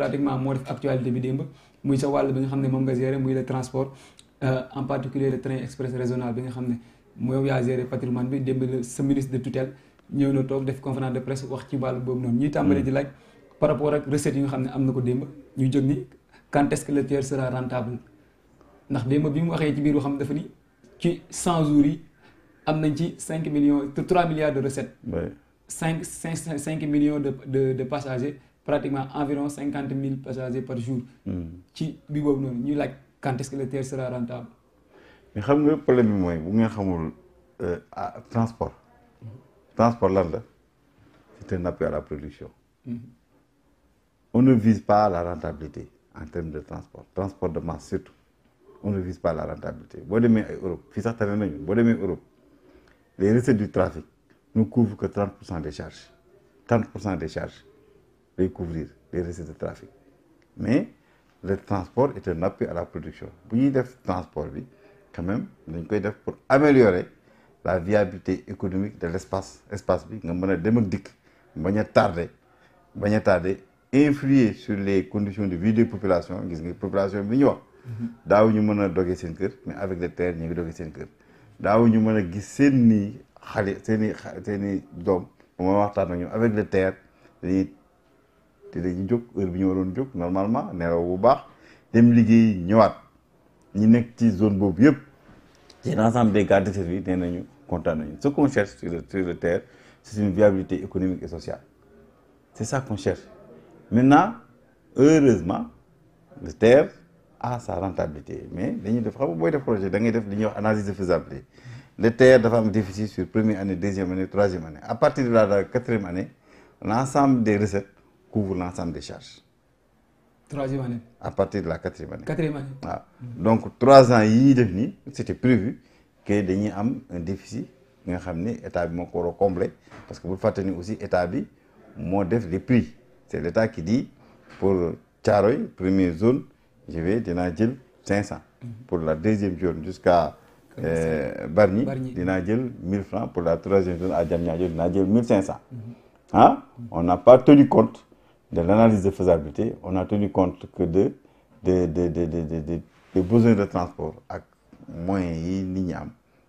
pratiquement moo def actualité bi démb muy sa wàll bi nga xam ne moom nga géré muy le transport euh, en particulier le train express régional bi nga xam ne mooy yaa géré patrimoine bi démb le sa ministre de tutelle ñëw na toog def conférence de presse wax ci wàll boobu noonu ñuy tàmbali di hmm. laaj par rapport ak recette yi nga xam ne am na ko démb ñu jóg ni quand est-ce que le tiers sera rentable ndax démb bi mu waxee ci biir xam dafa ni ci 100 jours yi am nañ ci 5 millions 3 milliards de recettes. 5 5 5 millions de de de passagers pratiquement environ 50 000 passagers par jour. Hmm. ci bi nous quand est-ce que le terre sera rentable. mais xam problème c'est bu euh, ah, transport. transport. transport c'est un appui à la production. Hmm. on ne vise pas la rentabilité en termes de transport transport de masse surtout on ne vise pas la rentabilité Europe Europe les recettes du trafic ne couvrent que 30 des charges 30 des charges de couvrir les recettes de trafic mais le transport est un appui à la production bu ñuy def transport bi quand même dañ koy pour améliorer la viabilité économique de l'espace espace espace bi nga mën a tardé bañ tardé influer sur les conditions de vie des populations gis populations population bi ñu wax daaw ñu mën mais avec des terres nous ngi dogee cœur. kër daaw ñu mën a gis seen nii xale avec les terres te dañuy jóg heure bi ñu waroon jóg normalement nelaw bu baax dem liggéey ñëwaat ñi nekk ci zone boobu yëpp ci l'ensemble des gardes de service nee nañu kontaan nañu ce qu'on cherche sur le sur le terre c'est une viabilité économique et sociale c'est ça qu'on cherche maintenant heureusement le terre a sa rentabilité mais dañuy def xam booy def projet da ngay def li ñuy wax analyse de faisabilité le terre dafa am déficit sur première année deuxième année troisième année à partir de la quatrième année l'ensemble des recettes couvre l'ensemble des charges. troisième année. à partir de la quatrième année. quatrième année ah. donc trois ans y c'était prévu que nous avons un déficit Nous avons ni état bi parce que vous faites aussi établi mon déf les prix c'est l'état qui dit pour Tcharoy, première zone je vais de jël 500. Mhm. pour la deuxième zone jusqu'à euh, Barni, de jël 1000 francs pour la troisième zone à Diamniadio dinaa jël mhm. Ah? Mhm. on n'a pas tenu compte de l'analyse de faisabilité, on a tenu compte que de des besoins de transport ak moyens ni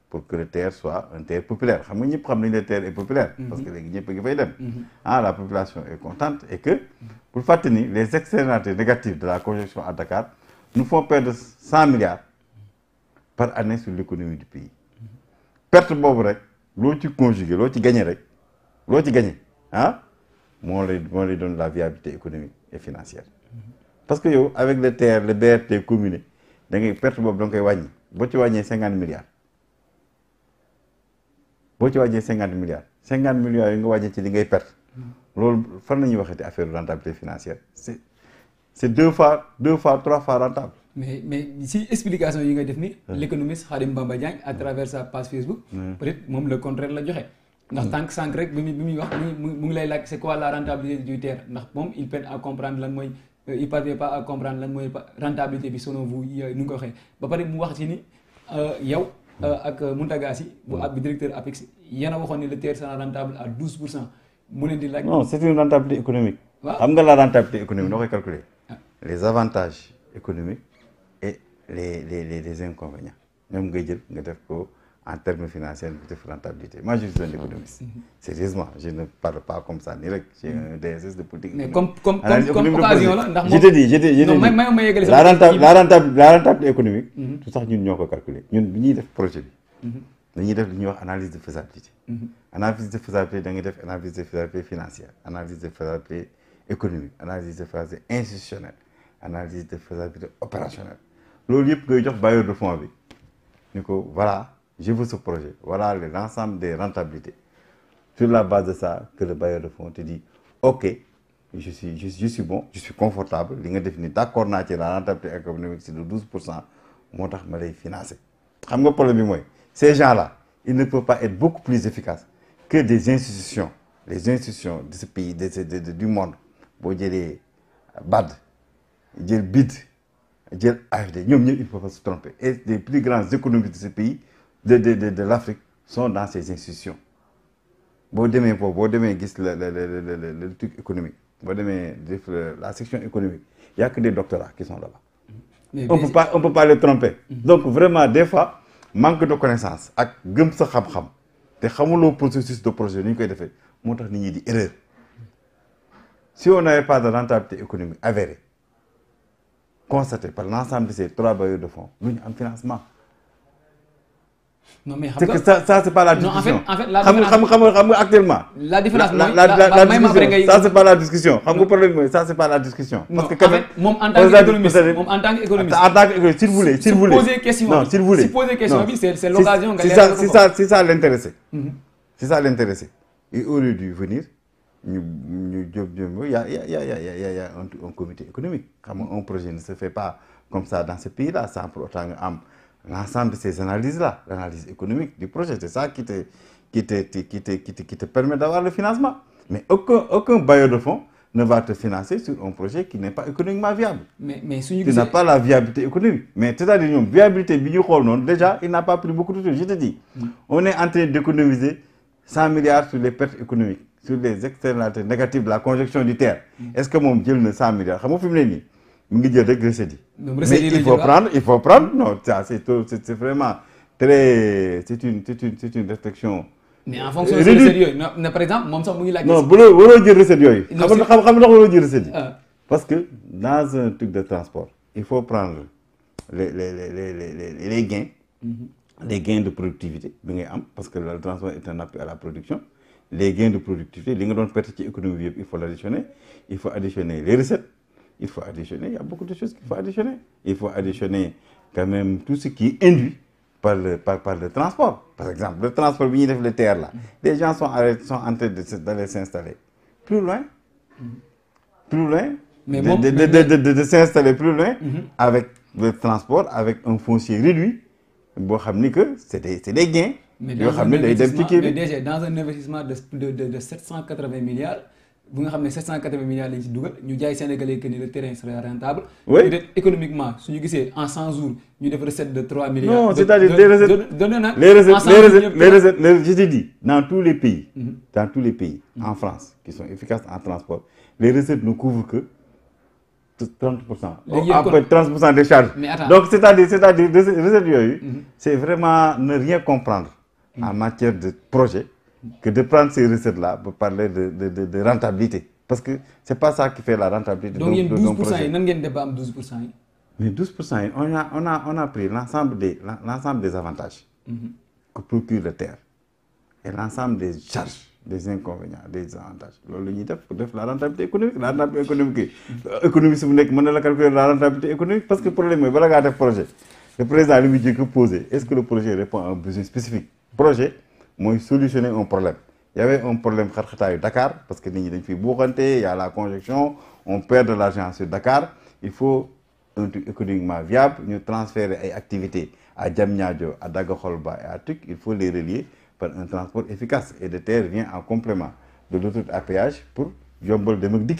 pour que le terre soit un terre populaire xam nga que xam terre populaire. Mhm. parce que les mhm. ah, la population est contente et que pour faire tenir les externalités négatives de la congestion à Dakar nous font perdre 100 milliards par année sur l'économie du pays mhm. perte c'est rek tu ci conjugué qui ci gagné rek moo lay moo la viabilité économique et financière parce que yo avec les TR le BRT combiné da ngay perte boobu da nga koy wàññi ci milliards boo ci wàññee 50 milliards 50 milliards yi nga wàññi ci li ngay perte loolu fan la affaire waxati affaire rentabilité financière c'est c'est deux fois deux fois trois fois rentable mais mais si explication yi nga def l'économiste harim Bamba à travers sa page Facebook peut-être moom le contraire la joxe ndax tant que sànq rek bi muy bi muy wax mu ngi lay laaj c'est quoi la rentabilité du terre ndax moom il peine à comprendre lan mooy euh, il parvient pas à comprendre lan mooy rentabilité bi selon vous ni euh, nga ko waxee ba pare mu wax ci ni euh, yow ak Mountaga Sy bu hmm. ab directeur APEX yéen a waxoon ne le terre sera rentable à 12 pour cent mu leen di laaj. non c'est une rentabilité économique. xam nga la rentabilité économique noo koy hmm. calculer. Ah. les avantages économiques et les les les inconvénients ñoom ngay jël nga def ko en termes financiers, de rentabilité. Moi, je suis un économiste. Mhm. Sérieusement, je ne parle pas comme ça, ni J'ai mhm. un DSS de politique. Mais comme, comme, comme, occasion, là, je te dis, je te dis, la, rentabilité la, rentable, économique, mhm. tout ça, nous l'avons calculé. Nous avons fait projet. Nous avons fait analyse de faisabilité. Analyse de faisabilité, nous avons fait analyse de faisabilité financière, analyse de faisabilité économique, analyse de faisabilité institutionnelle, analyse de faisabilité opérationnelle. L'autre, nous avons fait bailleur de fonds avec. voilà je veux ce projet, voilà l'ensemble des rentabilités. Sur la base de ça, que le bailleur de fonds te dit, OK, je suis, bon, je suis confortable, li nga défini d'accord la rentabilité économique c'est de 12 pour cent moo financer. xam problème ces gens-là ils ne peuvent pas être beaucoup plus efficaces que des institutions les institutions de ce pays de, du monde pour dire « BAD dire « BID jël AFD ils ne ils pas se tromper et les plus grands économistes de ce pays de de de de l'Afrique sont dans ces institutions Vous demee foofu boo la la le truc économique la section économique Il n'y a que des doctorats qui sont là-bas. on ne peut pas les tromper. Mhm. donc vraiment des fois manque de connaissance ak gëm sa xam-xam le processus de projet ni ñu koy defee une erreur si on n'avait pas de rentabilité économique avérée constatée par l'ensemble de ces trois bailleurs de fonds nous ñu un financement non mais xam que ça ça c'est pas la discussion. non en fait en fait la différence xam nga xam nga actuellement. la la la discussion ça c'est pas la discussion xam problème mooy ça c'est pas la discussion. parce que quand même moom en tant qu'économiste en tant qu'économiste. en tant qu'économiste s'il vous plaît s'il vous plaît poser question non s'il vous plaît si poser question bi c'est c'est l'occasion. nga leeral si ça si ça l'intéressait. Mhm. si ça l'intéressait il aurait dû venir ñu ñu jóg jóg y a y a y a un comité économique. xam un projet ne se fait pas comme ça dans ce pays là sans pour autant am l'ensemble de ces analyses-là, l'analyse économique du projet. C'est ça qui te, qui te, qui te, qui te permet d'avoir le financement. Mais aucun, aucun bailleur de fonds ne va te financer sur un projet qui n'est pas économiquement viable. Mais, tu n'as pas la viabilité économique. Mais tu as la viabilité, déjà, il n'a pas pris beaucoup de choses. Je te dis, mm. on est en train d'économiser 100 milliards sur les pertes économiques, sur les externalités négatives de la conjonction du terre. Mm. Est-ce que mon Dieu ne 100 milliards mais il faut ah. prendre il faut prendre non c'est c'est vraiment très c'est une c'est une c'est une restriction. mais en fonction euh, de recette par exemple moi sax mu la laaj. non bu loo waroo recette yooyu. xam nga xam nga waroo jël recette ah. parce que dans un truc de transport. il faut prendre les gains. Mm-hmm. les gains de productivité bi am parce que le transport est un appui à la production. les gains de productivité li nga doon perte ci économie il faut l'additionner, il faut additionner les recettes il faut additionner, il y a beaucoup de choses qu'il faut additionner. Il faut additionner quand même tout ce qui est induit par le, par, par le transport. Par exemple, le transport, le terre là, les gens sont, sont en train d'aller s'installer. Plus loin, plus loin, mais de, s'installer plus loin mhm. avec le transport, avec un foncier réduit. Bon, que c'est des, gains. Mais mais déjà, dans un investissement de, 780 milliards, vous nga xam 780 milliards lañ ci dugal ñu jaay Sénégalais que le terrain serait rentable. oui économiquement suñu en 100 jours ñu def recette de 3 milliards. non c'est-à-dire les recettes les recettes les recettes je te dis dans tous les pays. Mm-hmm. dans tous les pays mm-hmm. en France qui sont efficaces en transport les recettes ne couvrent que. 30 après 30 des charges. donc c'est-à-dire c'est-à-dire recettes yooyu. Mm-hmm. c'est vraiment ne rien comprendre. en matière de projet que de prendre ces recettes-là pour parler de, de, de, rentabilité. Parce que ce n'est pas ça qui fait la rentabilité. Donc, il y a 12%, 12 Mais 12%, on a, on a, on a pris l'ensemble des, des avantages mm-hmm. que procure la terre et l'ensemble des charges, des inconvénients, des avantages. la rentabilité économique. La rentabilité économique, l'économie, si vous voulez calculer la rentabilité économique, parce que le problème est, voilà, le projet. Le président lui dit que poser, est-ce que le projet répond à un besoin spécifique Projet, moi, solutionner un problème Il y avait un problème à Dakar parce que nit dañ fiy il y a la conjonction on perd de l'argent sur Dakar il faut un truc économiquement viable nous transférer les activités à Diamniadio à Dagakholba et à Tuk, il faut les relier par un transport efficace et de terre vient en complément de l'autoroute à pour yombal dem ak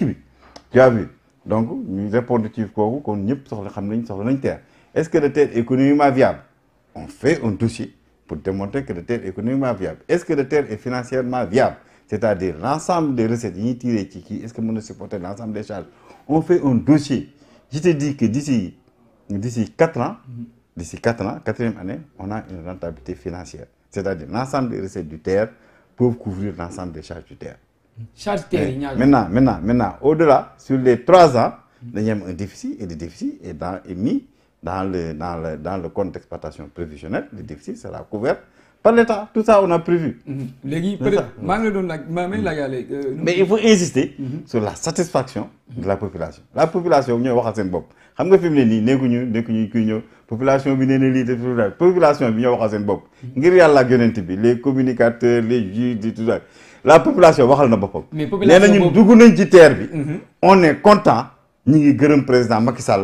tu as vu donc nous répondons ci kooku kon ñëpp soxla xam nañ soxla nañ terre est-ce que le terre est économiquement viable on fait un dossier pour démontrer que le terre est économiquement viable. Est-ce que le terre est financièrement viable C'est-à-dire l'ensemble des recettes, est-ce que nous supporter l'ensemble des charges On fait un dossier. Je te dis que d'ici, d'ici 4 ans, d'ici 4 ans, e année, on a une rentabilité financière. C'est-à-dire l'ensemble des recettes du terre peuvent couvrir l'ensemble des charges du terre. Charges terre, Maintenant, maintenant, maintenant, au-delà, sur les 3 ans, il y a un déficit et le déficit et dans, est mis dans le, dans le, compte d'exploitation prévisionnelle, le déficit sera couvert par l'État. Tout ça, on a prévu. Mm-hmm. Mm-hmm. Euh, Mais il faut insister mm-hmm. sur la satisfaction de la population. La population, population bi population les communicateurs les juges la population on est content ñi ngi président Macky Sall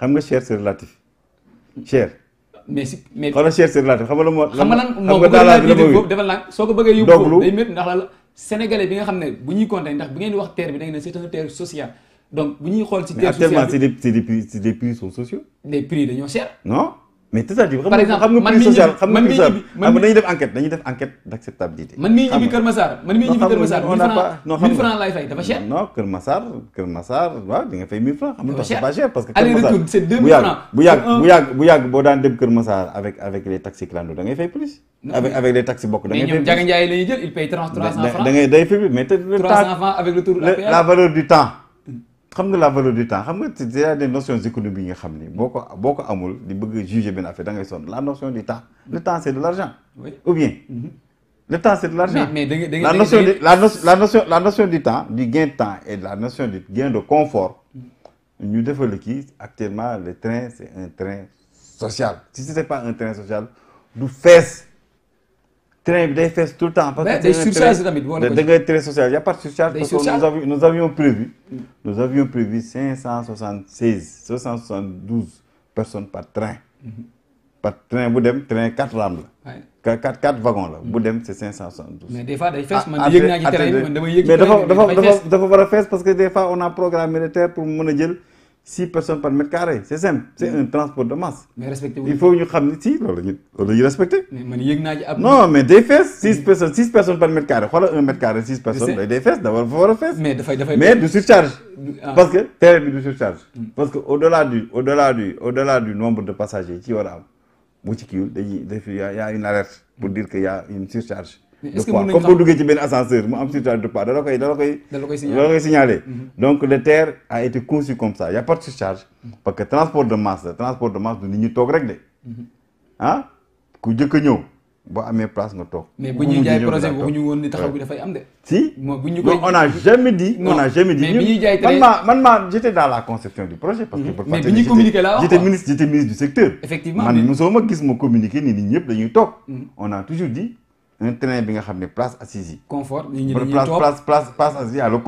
xam nga cher c'est relatif cher. mais si mais xoolal cher c'est relatif xam nga la moo. xam nga lan moom bu ko defee boobu dafa laaj soo ko bëggee yóbbu ko day métti ndax la sénégalais bi nga xam ne bu ñuy compter ndax bi ngeen di wax terre bi da ngeen ne c'est un terre sociale donc bu ñuy xool. ci terre sociale mais actuellement c'est des c'est des prix c'est des prix sont sociaux. les prix dañoo cher. non. mais tout ça dit par exemple xam nga plus social xam nga plus ça am nañu def enquête dañuy def enquête d' acceptabilité man mii ñibi kër masar man mii ñibi kër masar mille francs non mille francs lay fay dafa cher non kër masar kër masar waaw di nga fay mille francs xam nga c' est pas cher parce que allez retour c' est deux mille francs bu uh-uh. yàgg bu yàgg bu yàgg boo daan dem kër masar avec avec les taxis clandos da ngay fay plus. avec avec les taxis bokk da ngay fay jaga njaay la ñuy jël il paye trois francs da ngay day fay mais te le avec le tour la valeur du temps xam nga la valeur du temps xam nga c'est la des notions économiques yi nga xam ni boo ko boo ko amul di bëgg juger benn affaire da ngay la notion du temps le temps c'est de l'argent ou bien mhm. le temps c'est de l'argent mais, la notion la, notion la notion du temps du gain de temps et de la notion du gain de confort ñu defal kii actuellement le train c'est un train social si ce n'est pas un train social nous fees des tout le temps. parce que des y' a pas de surcharge. parce que nous avions prévu. nous avions prévu personnes par train. par train Boudem, train 4 rames 4 wagons là, bu dem mais des fois fesses, mais parce que des fois on a un programme militaire pour um mon 6 personnes par mètre carré c'est simple c'est un transport de masse. mais respectez-vous. il faut que nous sachions, si non mais des fesses, 6 personnes six personnes par mètre carré voilà un mètre carré 6 personnes. des fesses, d'abord faut fesses. mais de mais de surcharge. Ah. parce que terrain de surcharge. Mm. parce quau au delà du au delà du au delà du nombre de passagers qui aura y' a une alerte pour mm. dire qu'il y' a une surcharge de poids comme boo duggee ci benn ascenseur mu am surcharge de poids dala koy dala koy. dala koy signaler dala koy signaler. donc le terre a été conçu comme ça Il y' a pas de surcharge. parce que transport de masse transport de masse du nit ñi toog rek de. Mhm. ah ku njëkk a ñëw. boo amee place nga toog. mais bu ñuy jaay projet boobu ñu woon ni taxaw bi dafay am de. si mooy bu ñu koy on a jamais dit. on a jamais dit man maa man maa j'étais dans la conception du projet. parce que mhm. mais bi ñuy communiqué là j'étais ministre j'étais ministre du secteur. effectivement man nous ma gis ma communiqué ni nit ñëpp dañuy toog. Mhm. on a toujours dit. un train bi nga xam ne place assise yi. confort nit ñi place place place assise yi